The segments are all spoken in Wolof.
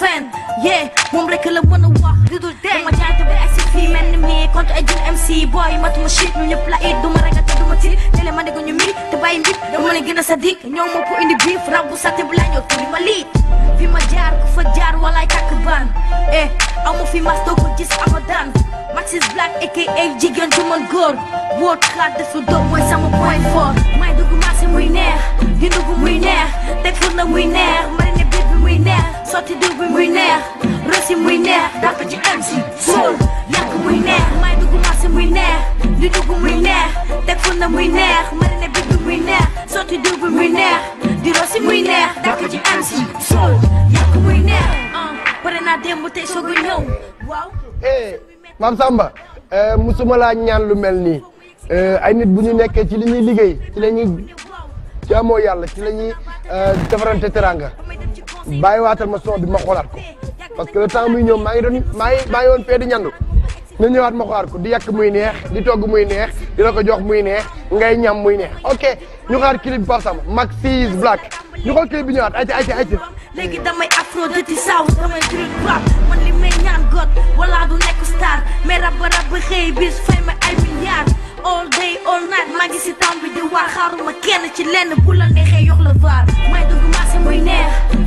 fen yee moom rek la mën a wax di dul dee dama jaay te ba agsi fii mel ni mii contre ay jul MC boy matuma shit ñu ñëpp la it duma ragal te duma tiit léeg-léeg ma dégg ñu mii te bàyyi mbit dama ne gën a sadik ñoom moo pour indi biif rab bu saté bu laa ñëw turi ma lii fi ma jaar ku fa jaar walaay tàkk baan eh amu fi mas doo ko gis abadan Maxis Black aka jigéen ju mën góor woot xaat defu doom mooy sama point fort may dugg marché muy neex di dugg muy neex teg fur na muy neex muy neex sotti diw muy neex rosi muy neex dal ko ci MC suul yàq muy neex may dugg marché muy neex di dugg muy neex teg fun muy neex marine bi muy neex sotti diw muy neex di rosi muy neex dal ko ci MC suul yàq muy neex pare naa démb tey soogu ñëw waaw Mame Samba musuma laa ñaan lu mel nii ay nit bu ñu nekkee ci li ñuy liggéey ci la jaamoo yàlla ci la ñuy teranga waatal ma son bi ma xoolaat ko parce que le temps muy ñëw maa ngi doon maa ngi maa ngi woon ñëwaat ma xoolaat ko di yàq muy neex di togg muy neex di la ko jox muy neex ngay ñam muy neex ok ñu xaar clip bi Pape Samba Maxis Black ñu xool clip bi ñëwaat ayca ayca ayca. léegi damay afro dëti saw damay green rap man li may ñaan god wala du nekk star mais rab ba rab ba xëy bis ma ay all day all night maa ngi si temps bi di waar xaaruma ci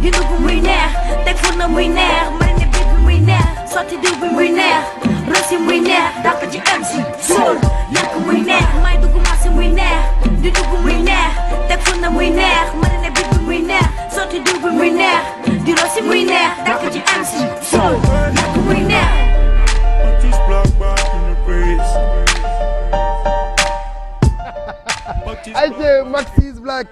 di dugg muy neex teg fur na muy neex mën ne bi bi muy neex sotti diw bi muy neex rosi muy neex dàpp ci am si suul yàq muy neex may dugg marché muy neex di dugg muy neex teg fur na muy neex mën ne bi bi muy neex sotti diw bi muy neex di rosi muy neex dàpp ci am si suul yàq muy neex ay Maxis Black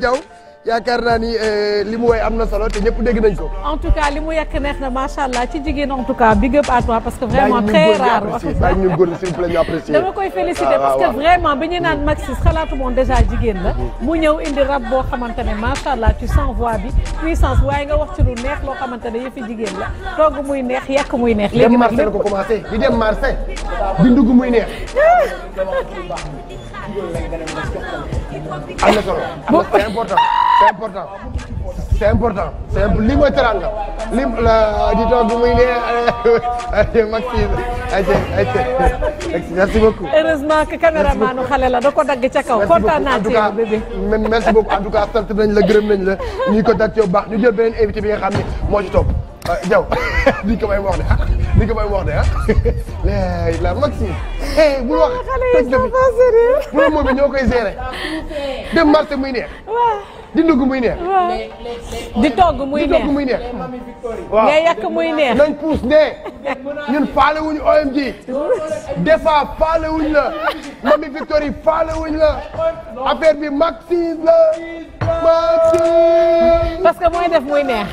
Diaw yaakaar naa ni eh, li mu woy am na solo te ñëpp dégg nañ ko. en tout cas li mu yàq neex na macha allah ci jigéen en tout cas big up toi parce que vraiment très rare bàyyi ñu góor s'il vous plaît ñu apprécier dama koy féliciter ah, parce que vraiment bi ñu naan Maxis xalaatu moon déjà jigéen la. mu ñëw indi rab boo xamante ne macha allah tu sens voix bi puissance waaye nga wax ci lu neex loo xamante ne yëfi jigéen la togg muy neex yàq muy neex. léegi nag lépp dem marché la ko am na solo am na c'est important. c'est important c'est important c'est lii mooy teranga li euh, di toog bu muy nee euh, Maxime ayca ayca merci beaucoup. heureusement que caméraman nu xale la da ko dagg ca kaw kontaan naa ci yow bébé. merci beaucoup en tout cas sant nañ la gërëm nañ la ñuy contact yow baax ñu jël beneen invité bi nga xam ne moo ci topp Diaw euh, di ko may wax de ah di ko may wax de ah léegi la Maxime. bu wax xale yi ñoo koy gérer. dem marché muy neex. di ndugg muy neex. di togg muy neex di togg muy neex. waaw ngay yàq muy neex. nañ puus ne ñun faale wuñ OMG des fois faale wuñ la Mamy Victory faale wuñ la affaire bi Maxime la. parce que mooy def muy neex.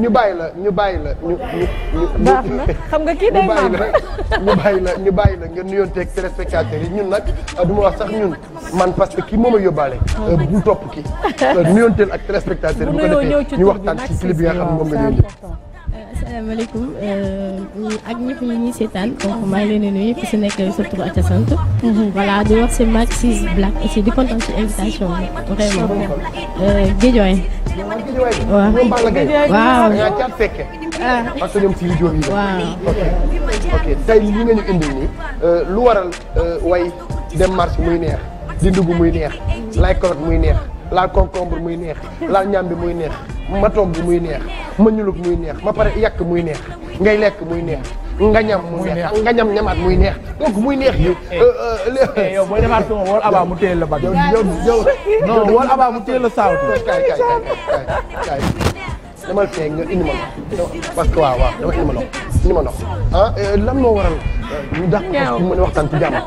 ñu bàyyi la ñu bàyyi la ñu ñu ñu. baax na xam nga kii day maam ñu bàyyi la ñu bàyyi la nga nuyonteeg téléspectateurs yi ñun nag du ma wax sax ñun man parce ki kii moom a yóbbaale. Euh, bul topp kii euh, nuyonteel ak téléspectateurs yi. bu ko defee ñu waxtaan ci clip bi nga xam moom nga asalaamaaleykum euh, ak ñëpp ñi ñuy seetaan donc maa ngi leen di nuyu ku si nekk sa tur ak sa sant. Mhm. voilà di wax si Maxis Black si invitation bi vraiment. Euh, Guédiawaye. waaw que ñoom si yu yi. waaw ah. ok ok euh, lu waral way dem marche muy neex di dugg muy neex lay kolot muy neex. laa concombre muy neex laal ñam bi muy neex ma togg muy neex ma ñulug muy neex ma pare yàq muy neex ngay lekk muy neex nga ñam muy neex nga ñam ñamaat muy neex donc muy neex yi. Eh, euh, euh, eh, eh, yow booy defaat sama la bag. yow la saaw. kay nga indi ma que waaw waaw dama indi ma loxo indi ah, euh, lan moo waral ñu dàq. ñaaw waxtaan ci jàmm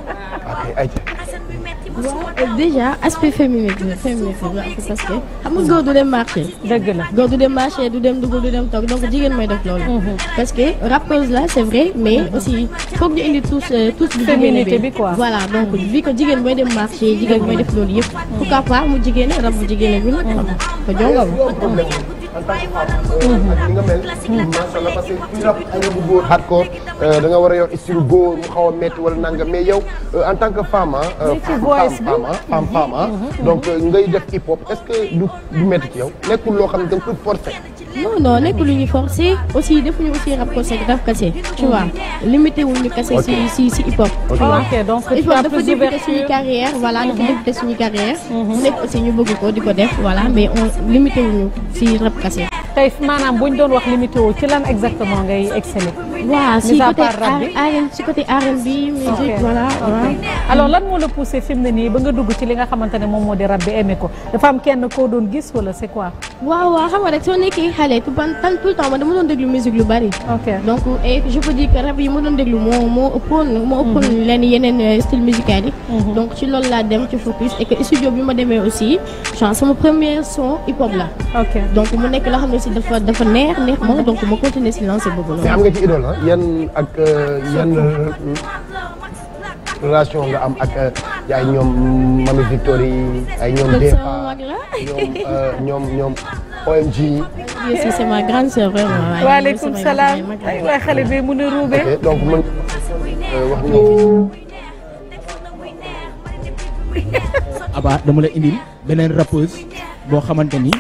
waaw déjà aspect féminin bi féminisme bi parce que xam nga góor du dem marché. dëgg la góor du dem marché du dem dugg du dem toog donc jigéen mooy def loolu. Mhm. parce que rappeuse la c'est vrai mais mhm. aussi foog ñu indi tous euh, tous. féminité bi quoi voilà donc bi ko jigéen mooy dem marché jigéen mooy def loolu yëpp. pourquoi pas mu jigéen rab bu jigéen a gën a. ko jongo en tant que femme ak ni nga mel macha allah parce que kuy rap ay rabu góor hardcore euh, da nga war a yor style góor mu xaw a métti wala nanga mais yow euh, en tant que femme ah femme ah donc ngay def hip hop est-ce que du du métti ci yow nekkul loo xam ne da nga koy forcer non non nekk lu ñuy forcé aussi defuñu aussi rap kese rap kese tu vois limité wuñu kese si si si hip hop. ok donc hip hop dafa débuté suñu carrière voilà dafa mm-hmm. débuté suñu carrière. nekk aussi ñu bëgg ko di ko def voilà mais on limité wuñu si rap kese. kese. tey maanaam bu ñu doon wax li météo ci lan exactement ngay exceller. voilà ah, si côté R&B si b R&B musique voilà alors lan moo la poussé fi mu ne ba nga dugg ci li nga xamante ne moom moo di rab bi aimé ko dafa am kenn koo doon gis wala c'est quoi waaw waaw xam nga rek soo nekkee xale tout le temps man dama doon déglu musique lu bari donc je peux dire que rab yi ma doon déglu moo moo ëppoon moo ëppoon mhm. leen yeneen euh, style musical yi mhm. donc ci loolu laa dem ci focus et que studio bi ma demee aussi genre sama premier son hip hop la donc mu nekk loo xam ne si dafa yan ak euh, yan euh, relation nga am ak euh, ay ñoom Mamy Victory ay ñoom Depa ñoom ñoom OMG. si salaam waay xale bi mu ne ruube. donc man dama la indil beneen rappeuse boo xamante ni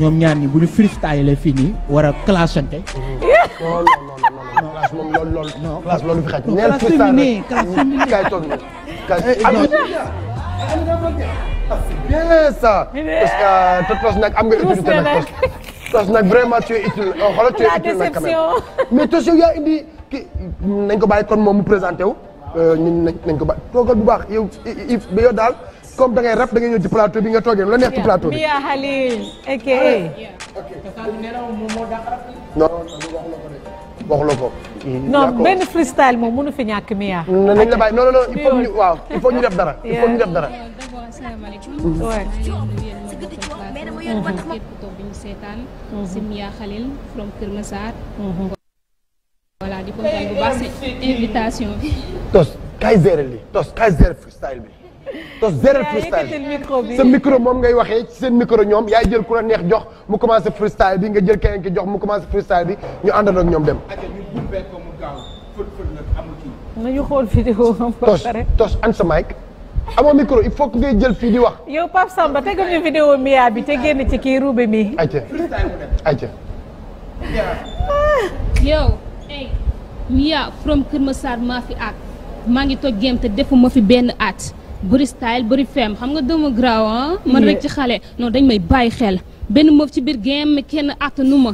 ñoom ñaar ñi bu ñu freestyle la fii nii war a clashante. Mhm. non non non classe moom loolu loolu. non classe loolu fi xaj. neel féminin classe féminin kay toog nii kay. Eh, ah, bien ça. Eh parce que te tos nag am nga utilité nag tos nag vraiment tu es utile oh, xoolal tu es utile nag quand même mais tos yow yaa indi kii nañ ko bàyyi kon moom mu présenté wu. Euh, ñun nañ ko bàyyi toogal bu baax yow if yow daal. comme da ngay rap da ngay ñëw ci plateau bi nga toogee la neex ci plateau bi. Mia Halil aka. Ah ok non waxuloo ko. non benn freestyle moom fi ñàkk Mia. nañ la bàyyi non il faut ñu waaw il faut ñu def dara. il faut ñu def dara. si Mia Halil from Kër Massar. bi. te zéro freestyle sa micro moom ngay waxee ci seen micro ñoom yaay jël ku la neex jox mu commencé freestyle bi nga jël keneen ki jox mu commencé freestyle bi ñu àndandoo ak ñoom dem. nañu xool vidéo am ba pare tos tos an sa mic amoo micro il faut que ngay jël fii di wax. yow Pape Samba tegal ñu vidéo Mia bi te génn ci kii ruube mi. ayca from Kër Massar maa fi aat maa ngi toj géem te defuma fi benn aat. bëri style bëri femme xam nga dama graw ah? man rek ci xale noo dañ may bàyyi xel benn moof ci biir game kenn attanu ma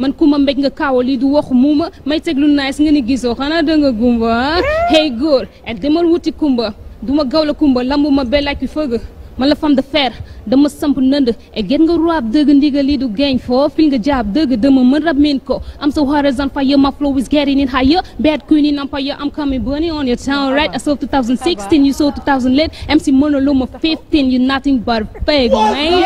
man ku ma mbéj nga kaawa lii du waxu muuma may teg lu nice nga ni gisoo xanaa da nga gumba ah? hey góor et eh, demal wuti kumba duma gawla kumba lambu ma bellaaj bi fëgg man la femme de fer dama samp nënd e get nga roab dëgg ndiga lii du gañ foo fil nga jaab dëgg dama mën rab min ko am so horizon fire my flow is getting it higher bad queen in empire I'm coming bunny on your town right I saw 2016 you saw 2008 MC Monoloma 15 you nothing but fake man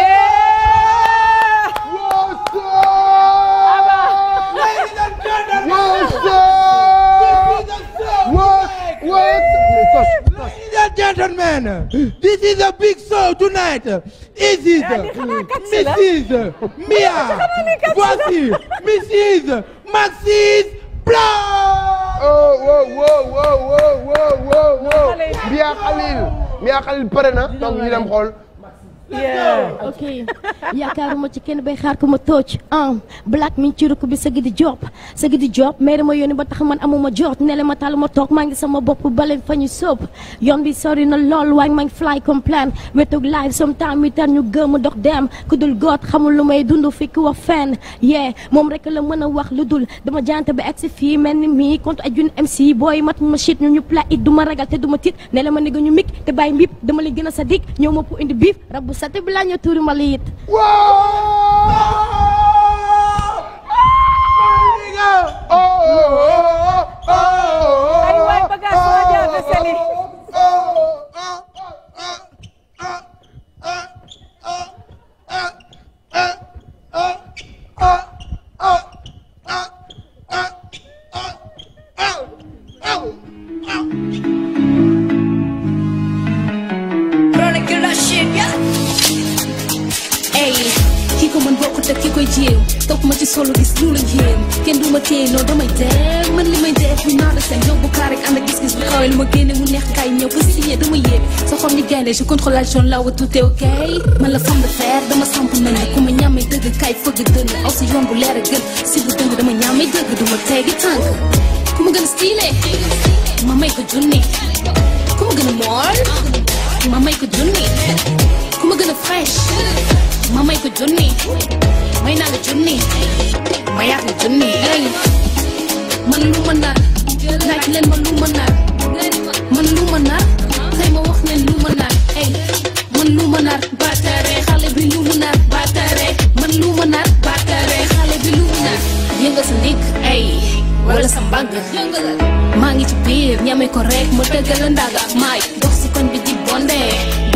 What's and gentlemen, this is a big show tonight. This is Mrs. Mia. Voici Mrs. Maxis Blanc. Oh, wow, wow, wow, wow, wow, wow, wow. Mia Khalil. Mia Khalil pare na, donc ñu dem xool. yeah ok yaakaaruma ci kenn bay xaar ko ma tooj ah black mi ci rukk bi sëgg di job sëgg di job maire ma yónni ba tax man amuma jot nele ma tal ma toog maa ngi sama bopp bale fa ñu sóob yoon bi sori na lool waaye maa ngi fly complain wetug live sometime mi tar ñu gëm dox dem ku dul goot xamul lu may dund fikk ku wax fenn yee moom rek la mën a wax lu dul dama jante ba egsi fii mel ni mii contre ak jun sii booy mat ma shit ñu ñu pla it du ma ragal te du ma tiit nele ma nigga ñu mik te bàyyi mbib dama li gën a sa dik ñëw ma pour indi biif Satu-belahnya turun malit. Wow! Oh! ma ci solo gis lu la yéem kenn du ma téye noonu damay def man li may def ñu naa la seen yow bu kaar rek ànd ak gis-gis bu xawee lu ma génne mu neex kaay ñëw ba signé dama yéeg sa xol ni gaynde je contrôle la zone là où tout est ok man la femme de fer dama samp nañ ku ma ñàmmee dëgg kaay fëgg dënn aw si yoon bu leer a gën si bu dëng dama ñàmmee dëgg du ma teggi tànk ku ma gën a stylé ma may ko junni ku ma gën a mool ma may ko junni ku ma gën a fresh ma may ko junni may naa la junni may yaat la junni ay man lu ma nar laaj leen ma lu ma nar man lu ma nar tey ma wax leen lu ma nar ay man lu ma nar baataare xale bi lu mu nar baataare man lu ma nar baataare xale bi lu mu nar yëngal sa ndigg ay wala sa mbagg maa ngi ci biir ñame ko rek ma tëggal a ndaaga ak maay dox si koñ bi di bondee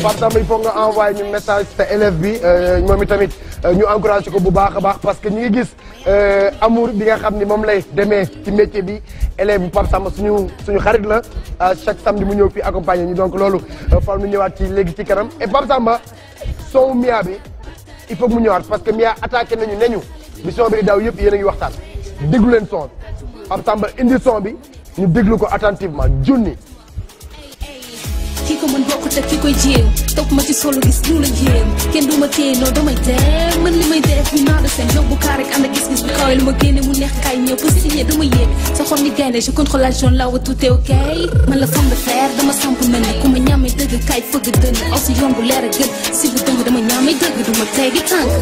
Pape Samba il faut nga envoyé ñu message te élève bi euh, moom itamit euh, ñu encouragé ko bu baax a baax parce que ñi ngi gis euh, amour bi nga xam ni moom lay demee ci métier bi élève bi Pape Samba suñu suñu xarit la chaque samedi mu ñëw fii accompagné ñu donc loolu faaw ñu ñëwaat ci léegi ci kanam et Pape Samba son Mia bi il faut mu ñëwaat parce que Mia attaqué nañu ne ñu mission bi daaw yëpp yéen a ngi waxtaan déglu leen son Pape Samba indi son bi ñu déglu ko attentivement junni. ki ko mën bokku te ki koy jéem topp ma ci solo gis ñu la yéem kenn du ma téye noo damay dee man li may def ñu naa la seen yóbbu kaar rek ànd ak gis-gis bu kawe lu ma génne mu neex kaay ñëw pour signé dama yéeg sa xol ni gaynde je contrôle la zone là où tout est ok man la femme de fer dama samp mel ni ku ma ñaamee dëgg kaay fëgg dënn aw si yoon bu leer a gën si bu dëng dama ñaamee dëgg du ma teggi tànk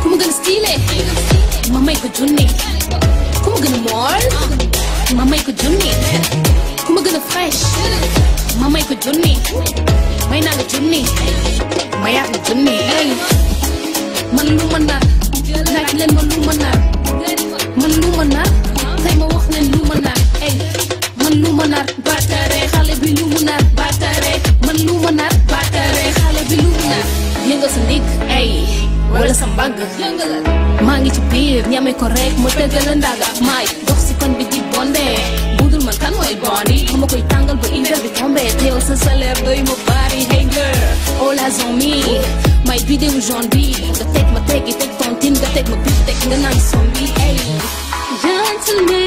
ku ma gën a stylé ma may ko junni ku ma gën a mool ma may ko junni ku ma gën a fresh ma may ko junni zombie nga teg ma tegi teg tontine nga teg ma biir teg nga naan zombie ay gentleman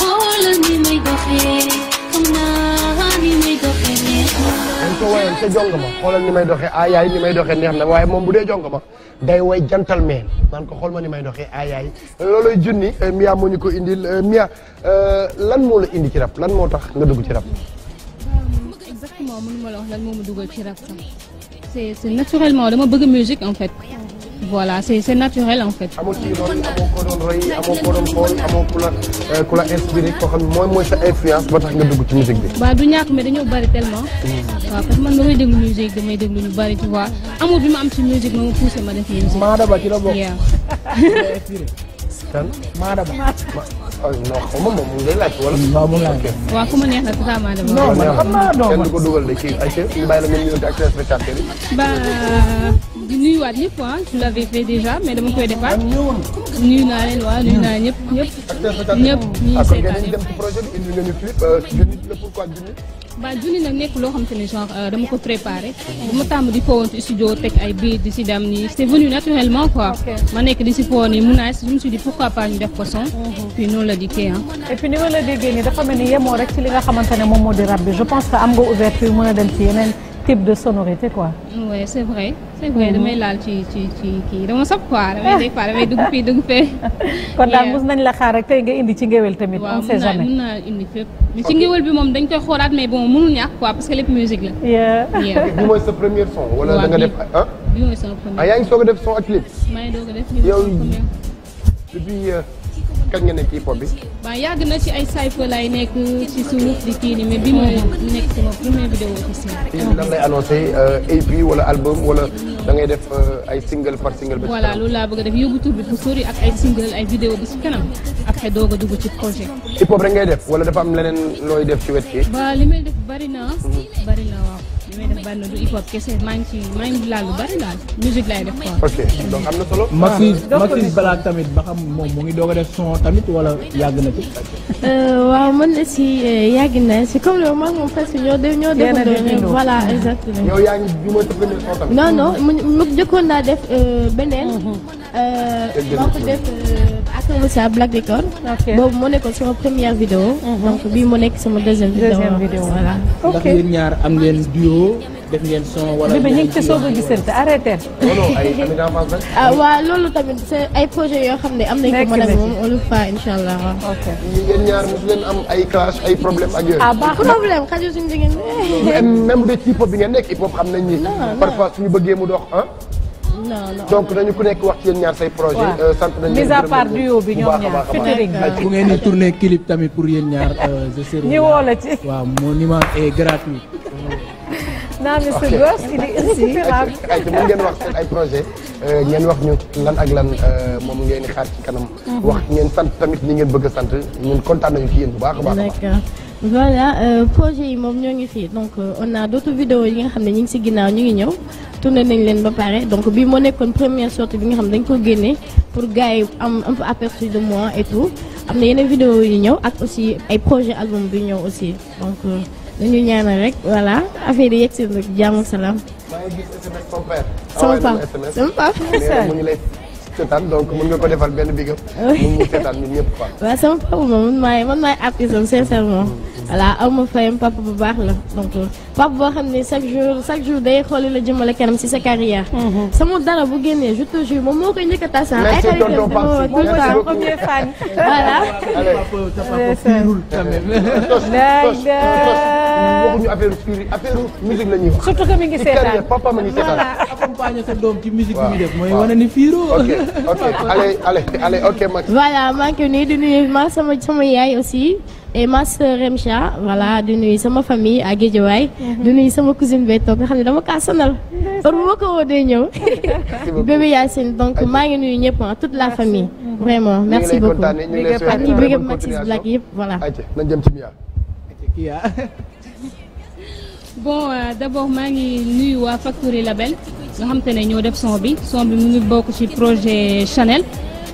xoolal ni may doxee xam naa ni may doxee neex na dañ ko woyoon ca jong ma xoolal ni may doxee a yaay ni may doxee neex na waaye moom bu dee jong ma day woy gentleman man ko xool ma ni may doxee a yaay looloy junni eh, Mia moo ñu ko indil eh, Mia eh, lan moo la indi ci rap lan moo tax nga dugg ci rap exactement mënu ma la wax lan moo ma dugal ci rap sax c'est c'est naturellement dama bëgg musique en fait voilà c'est c'est naturel en fait. amoo ci yoon amoo ko doon roy amoo ko doon euh, mooy mooy sa influence ba tax nga dugg ci musique bi. waaw du ñàkk mais dañoo bari tellement. Hmm. waaw parce que man déglu musique damay déglu ñu bari tu vois bi ma am ci musique ma ma poussé ma def musique. Madaba ci la bokk. non xaw ma moom mu ngi laaj wala. waaw mu ngi laaj waaw ba di nuyuwaat ñëpp ah je l'avais fait déjà mais dama koy defaat. nuyu naa leen waaw nuyu naa ñëpp ah, projet bi indi nga ñu euh, ba junni nag nekk loo xam te ne genre euh, dama ko préparé bu ma di foowantu studio teg ay biir di si dem nii c'est venu naturellement quoi ma nekk di si foo nii mu naa je me suis dit pourquoi pas ñu def ko son mhm. puis noonu la dikkee ah dafa mel ni yemoo rek ci li nga xamante moom moo di rab bi je pense que am nga ouverture mën a dem si yeneen type de sonorité quoi. oui c' est vrai c' est damay mhm. laal ci ci ci sab quoi damay des fois damay dugg fii dugg fee. kon daal mos euh, nañ la xaar rek tey nga indi ci ngéwél tamit. ci ngéwél bi moom dañ koy xoolaat mais bon mënul ñàkk quoi parce que lépp musique la. bi mooy sa premier son. wala da nga def ah. bi mooy sa premier son ah yaa ngi soog a def son ak clip. maa ngi doog a def yow depuis. Euh, kañ nga nekk ci hip bi. waaw yàgg na ci ay cypher laay nekk ci suuf di kii nii mais bi ma nekk sama première vidéo officielle. fii lan lay annoncé EP euh, wala album wala da ngay def euh, ay single par single. voilà loolu laa bëgg def yóbbu tur bi fu sori ak ay single ay vidéo bi ci kanam doog a dugg ci projet. hip-hop rek ngay def wala dafa am leneen looy def ci wet ki. waaw li may def bari na mhm. bari na damay def bànn du hip hop kese maa ngi ci maa ngi laal lu bari daal musique laay def ah. tamit ba xam moom mu ngi doog a def son tamit wala yàgg na ci. Euh, waaw man aussi euh, yàgg na si comme loolu man moom presque ñoo def ñoo defandoo voilà exactement. yow yaa ngi bi ma def beneen son tamit. non non mu jëkkoon naa euh, mm-hmm. def beneen. maa ko def. sama sa Black Record. ok boobu moo nekkoon sama première vidéo. Mhm. donc bii moo nekk sama deuxième. deuxième vidéo voilà. ok ndax yéen ñaar am ngeen duo. def ngeen son wala ñu ngi ci soog a gisante arrêté. ah waaw loolu tamit c'est ay projet yoo xam ne am nañ ko mën a moom on le fera incha allah waaw. ok yéen ñaar mosu leen am ay clash ay problème ak yooyu. ah baax problème xajul suñu diggante. même de hip hop bi ngeen nekk hip hop xam nañ ni. parfois suñu bëggee mu dox ah. donc nañu ku nekk wax ci yéen ñaar say projet euh, sant nañu leen mis à bi ñoom ñaar featuring bu ngeen di tourner clip tamit pour yéen ñaar euh, je serai ñi woo la ci waaw monument est gratuit naa mi sa gos il est insuffisable ay mën ngeen wax seen ay projet euh, ngeen wax ñu lan ak lan moom ngeen di xaar ci kanam mhm. wax ngeen sant tamit ni ngeen bëgg a sant ngeen kontaan nañu fi yéen bu baax a baax voilà euh, projet yi moom ñoo ngi fii donc euh, on a d'autres vidéos yi nga xam ne ñu ngi si ginnaaw ñu ngi ñëw tourné nañ leen ba pare donc bii moo nekkoon première sortie bi nga xam ne dañ ko génnee pour gars yi am un peu aperçu de moi et tout am na yeneen vidéo yi ñëw ak aussi ay projet album bi ñëw aussi donc euh, dañu ñaanal rek voilà affaire yi yegg si rek jàmm salaam. maa ngi gis SMS sama père. sama papa sama seetaan donc mën nga ko defal benn bigam mu seetaan ñun ñëpp quoi waaw sama papa moom man maay man maay ab isam sincèrement mm. voilà aw ma fayam papa bu baax la donc papa boo xam ne chaque jour chaque jour day xooli la jëmale kanam si sa carrière mm-hmm. sama dara bu génnee je te jure moom moo koy njëkk a tas ay xarit moom mooy sama premier fan voilà waxuñu affaire spiri affaire musique la ñuy wax. surtout que ngi seetaan papa ma ngi seetaan. accompagner sa doom ci musique bi def. mooy wane ni fiiroo. ok ok allez allez allez voilà maa ngi nuyu di nuyu sama sama yaay aussi et ma sœur Remcha voilà di nuyu sama famille à Guédiawaye. Mhm. di nuyu sama cousine bee toog nga xam ne dama kaa sonal. heure bu ma ko woo day ñëw. bébé Yacine donc maa ngi nuyu ñëpp ah toute la famille. Mhm. vraiment merci beaucoup ak ñi bëgg Maxis Black yëpp voilà. nañ jëm bon euh, d'abord maa ngi nuyu waa Factory Label nga xam ne ñoo def son bi son bi mu ngi bokk ci projet Chanel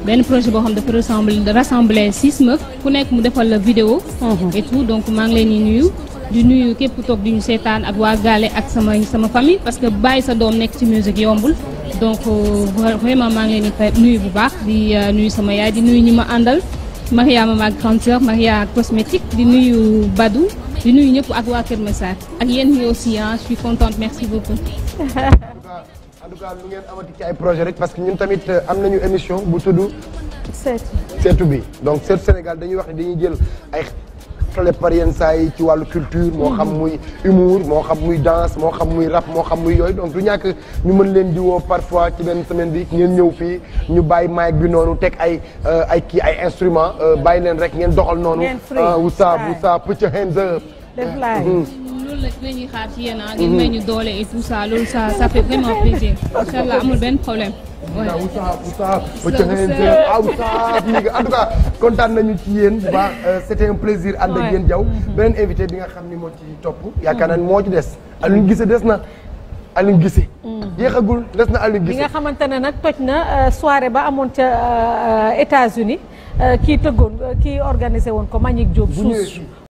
benn projet boo xam dafa rassemble rassembler six meufs ku nekk mu defal la vidéo mhm. et tout donc maa ngi leen di nuyu di nuyu képp toog di ñu seetaan ak waa gaale ak sama sama famille parce que bàyyi sa doom nekk ci musique yombul donc euh, vraiment maa ngi leen di nuyu bu baax di euh, nuyu sama yaay di nuyu ñi ma àndal Mariama ma grande sœur Maria cosmétique di nuyu Badou di nuyu ñëpp ak waa Kër Massar ak yéen ñi aussi ah je suis contente merci beaucoup. en ay projet rek parce que ñun tamit euh, am nañu émission bu tudd. seetu seetu bi donc seetu Sénégal dañuy wax ne dañuy jël ay. jàppale par yenn saa ci wàllu culture moo xam mm-hmm. muy humour moo xam muy dance moo xam muy rap moo xam muy yooyu donc du ñàkk ñu mën leen di woo parfois ci benn semaine bi ngeen ñëw fii ñu bàyyi mic bi noonu teg ay euh, ay kii ay instrument euh, bàyyi leen rek ngeen doxal noonu ah, wusa wusa put your hands up def laay mm-hmm. mm-hmm. loolu ci yéen ah, ngeen may ñu doole et tout ça loolu ça benn problème waaw Ousseynou Ousseynou. Ousseynou Ousseynou Ousseynou en tout cas kontaan nañu ci yéen bu baax euh, c'était un plaisir ànd ak yéen mm-hmm. beneen invité bi nga xam ni moo ci topp. yaakaar naa moo ci des. Alioune Guissé des na. Aliou Guissé. Mm-hmm. yéexagul des na Aliou Guissé. bi nga xamante ne nag toj na euh, soirée ba amoon ca euh, États-Unis kii tëggoon kii organisé woon ko Manick Diop. suuf